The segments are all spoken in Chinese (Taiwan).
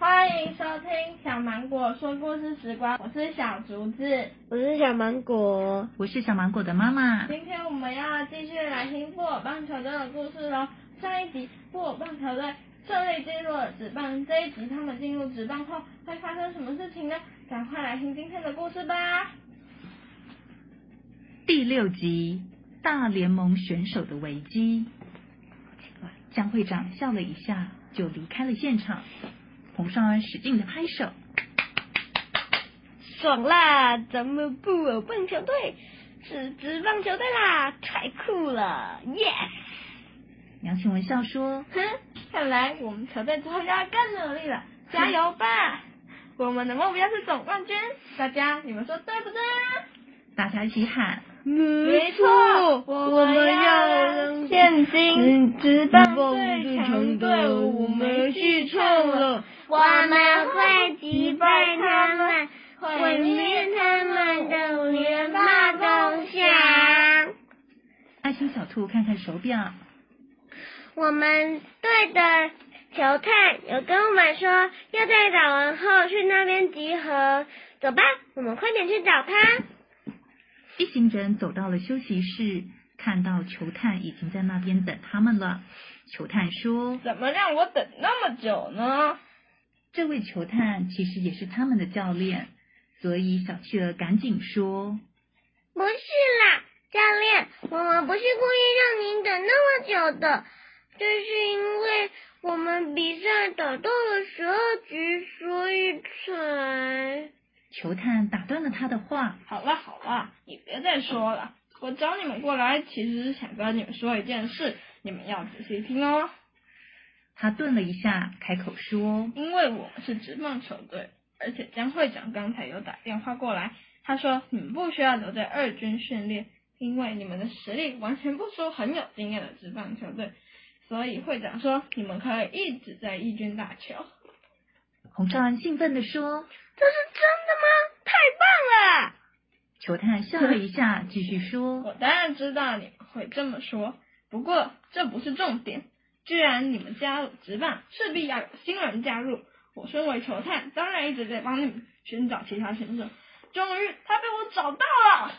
歡迎收聽《小芒果說故事時光》，我是小竹子，我是小芒果，我是小芒果的媽媽。今天我們要繼續來聽《布偶棒球隊》的故事嘍。上一集布偶棒球隊順利進入了職棒，這一集他們進入職棒後會發生什麼事情呢？趕快來聽今天的故事吧。第六集《大聯盟選手的危機》。江會長笑了一下，就離開了現場。我們上來使勁的拍手，爽啦！咱們布偶棒球隊是職棒球隊啦，太酷了！耶！楊青文笑說，哼，看來我們球隊之後就要更努力了，加油吧！我們的目標是總冠軍，大家你們說對不對？大家一起喊，沒錯，沒錯，我們要建這支棒球隊、隊、嗯、隊、隊，我們去創了。我們會擊敗他們，毀滅他們的連霸夢想。愛心小兔，看看手錶。我們隊的球探有跟我們說，要在打完後去那邊集合。走吧，我們快點去找他。一行人走到了休息室，看到球探已經在那邊等他們了。球探說：“怎麼讓我等那麼久呢？”這位球探其實也是他們的教練，所以小企鵝趕緊說：“不是啦，教練，我們不是故意讓您等那麼久的，這、就是因為我們比賽打到了十二局，所以才……”球探打斷了他的話：“好了好了，你別再說了，我找你們過來其實是想跟你們說一件事，你們要仔細聽哦。”他頓了一下，開口說：“因為我們是職棒球隊，而且江會長剛才有打電話過來，他說你們不需要留在二軍訓練，因為你們的實力完全不輸很有經驗的職棒球隊，所以會長說你們可以一直在一軍打球。”洪少安興奮地說：“這是真的嗎？太棒了！”球探笑了一下，嗯，繼續說：“我當然知道你們會這麼說，不過這不是重點。”既然你們加入職棒，勢必要有新人加入。我身為球探，當然一直在幫你們尋找其他選手。終於，他被我找到了。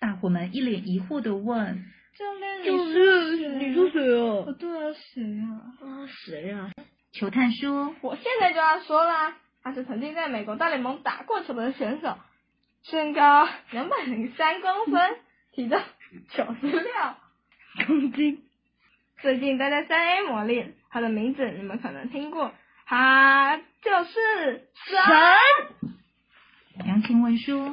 大夥們一臉疑惑地問：“教練，你是你是誰、啊、哦？啊，對啊，誰啊？啊，誰啊？”球探說：“我現在就要說了，他是曾經在美國大聯盟打過球的選手，身高兩百零三公分，嗯、體重九十六公斤。”最近待在三 A 磨練，他的名字你們可能聽過，他就是神。楊清文說，我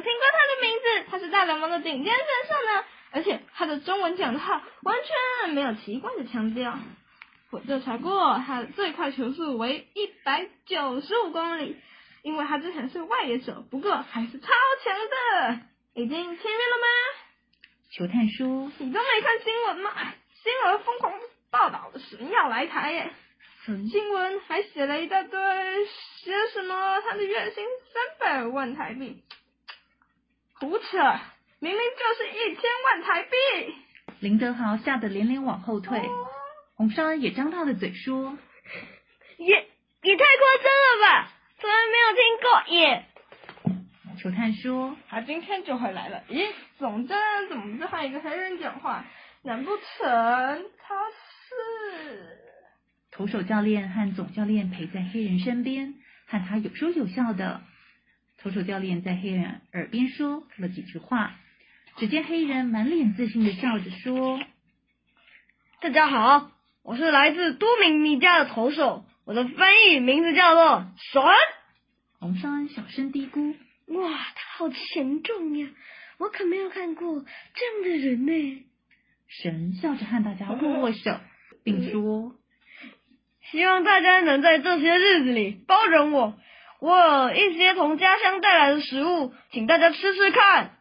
聽過他的名字，他是大聯盟的頂尖神射呢，而且他的中文講得好，完全沒有奇怪的腔調、哦。我調查過，他的最快球速為一百九十五公里，因為他之前是外野手，不過還是超強的。已經簽約了嗎？球探叔，你都沒看新聞嗎？新聞瘋狂報道的神要來台，耶、嗯、新聞還寫了一大堆，寫什麼他的月薪三百萬台幣，胡扯，明明就是一千萬台幣。林德豪嚇得連連往後退，哦、洪山也張大了嘴說，也也太過分了吧，從來沒有聽過耶。球探說，他今天就會來了。咦，總之怎麼這怎麼這還有個黑人講話？難不成他是投手教練？和總教練陪在黑人身邊，和他有說有笑的。投手教練在黑人耳邊說了幾句話，只見黑人滿臉自信的笑着說：“大家好，我是來自多米尼加的投手，我的翻譯名字叫做神。”紅杉小聲嘀咕：“哇，他好沉重呀！我可沒有看過這樣的人呢。”神笑着和大家握握手，並說：“希望大家能在這些日子裡包容我。我有一些從家鄉帶來的食物，請大家吃吃看。”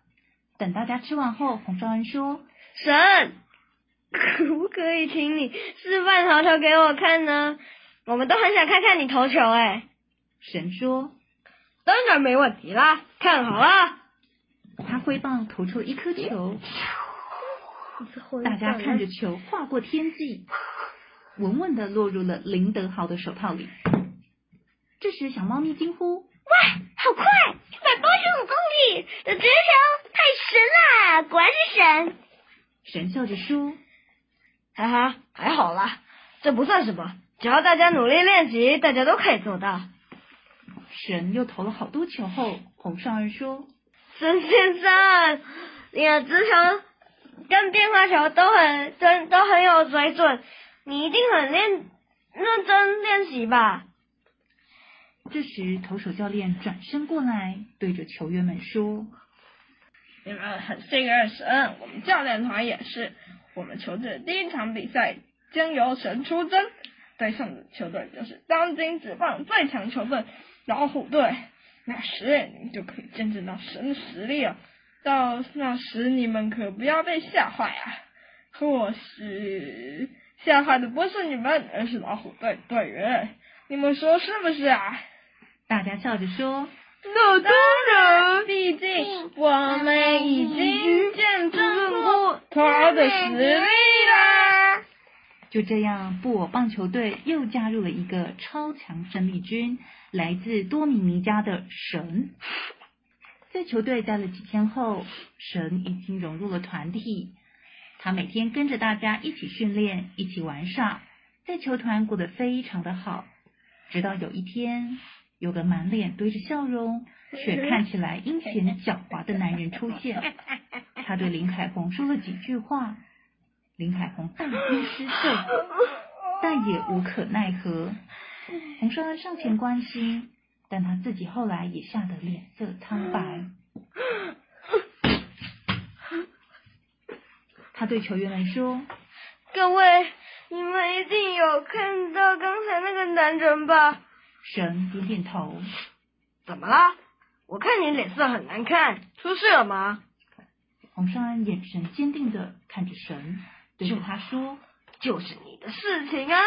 等大家吃完後，孔昭恩說：“神，可不可以請你示範投球給我看呢？我們都很想看看你投球哎。”神說：“當然沒問題啦，看好了。”他揮棒投出一顆球。大家看着球劃過天際，穩穩的落入了林德豪的手套裡。這時，小貓咪驚呼：“哇，好快！一百八十五公里的直球，這絕太神啦，果然是神！”神笑着說：“哈、哎、哈，還好啦，這不算什麼，只要大家努力練習，大家都可以做到。”神又投了好多球後，紅少年說：“神先生，你的直球。”跟變化球都很真，都很有水準。你一定很練認真練習吧？這時，投手教練轉身過來，對着球員們說：“你們很信任神，我們教練團也是。我們球隊第一場比賽將由神出征，對上的球隊就是當今職棒最強球隊老虎隊。那時，你就可以見證到神的實力了。”到那時，你們可不要被嚇壞啊！或許嚇壞的不是你們，而是老虎隊隊員。你們說是不是啊？大家笑着說：“那當然，畢竟我們已經見證過他的實力啦。”就這樣，布偶棒球隊又加入了一個超強生力軍，來自多米尼加的神。在球隊待了幾天後，神已經融入了團體。他每天跟着大家一起訓練，一起玩耍，在球團過得非常的好。直到有一天，有個滿臉堆着笑容，卻看起來陰險狡猾的男人出現。他對林海峰說了幾句話，林海峰大驚失色，但也無可奈何。洪順上前關心，但他自己後來也嚇得臉色蒼白。他對球員們說：“各位，你們一定有看到剛才那個男人吧？”神點點頭。怎麼了？我看你臉色很難看，出事了嗎？洪尚恩眼神堅定的看着神，對着他說就：“就是你的事情啊！”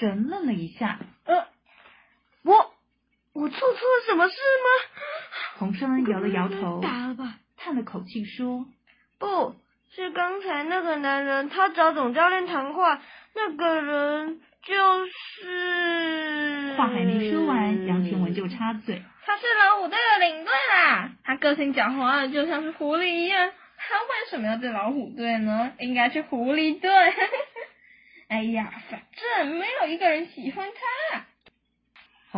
神愣了一下：“呃，我我做錯了什麼事嗎？”洪尚恩搖了搖頭，嘆了口氣說：“不。”是剛才那個男人，他找總教練談話，那個人就是。話還沒說完，楊天文就插嘴、嗯。他是老虎隊的領隊啦，他個性狡猾、啊，就像是狐狸一樣。他為什麼要對老虎隊呢？應該是狐狸隊。 哎呀，反正沒有一個人喜歡他。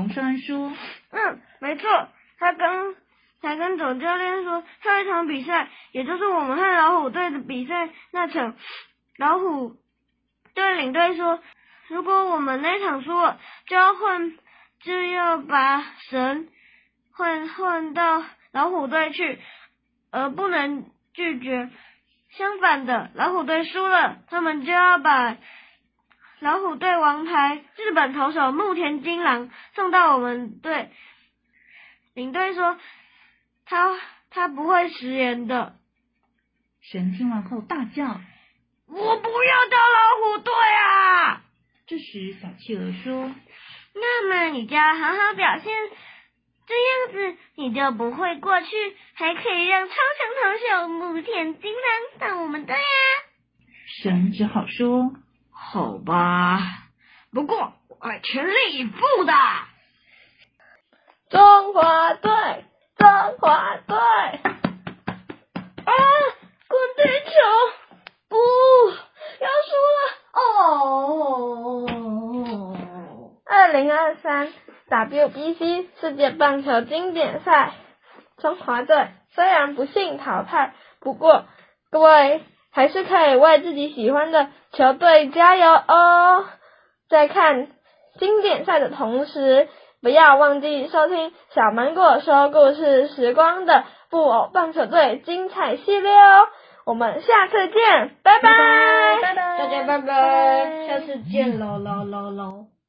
紅雙說。嗯，沒錯，他剛。才跟總教練說，下一場比賽，也就是我們和老虎隊的比賽那場，老虎隊領隊說，如果我們那場輸了，就要換，就要把神換換到老虎隊去，而不能拒絕。相反的，老虎隊輸了，他們就要把老虎隊王牌日本投手木田金郎送到我們隊。領隊說。他他不會食言的。神聽完後大叫：“我不要當老虎隊啊！”這時，小企鵝說：“那麼你就要好好表現，這樣子你就不會過去，還可以讓超強投手木天金狼當我們隊啊。”神只好說：“好吧，不過我會全力以赴的。”中華隊。中華隊啊，滾地球，不要輸了哦！二零二三 WBC 世界棒球經典賽，中華隊雖然不幸淘汰，不過各位還是可以為自己喜歡的球隊加油哦！在看經典賽的同時，不要忘記收聽小芒果說故事時光的布偶棒球隊精彩系列哦！我們下次見，拜拜拜拜，拜拜，拜拜，大家拜拜，拜拜，下次見嘍嘍嘍嘍，咯咯咯咯。嗯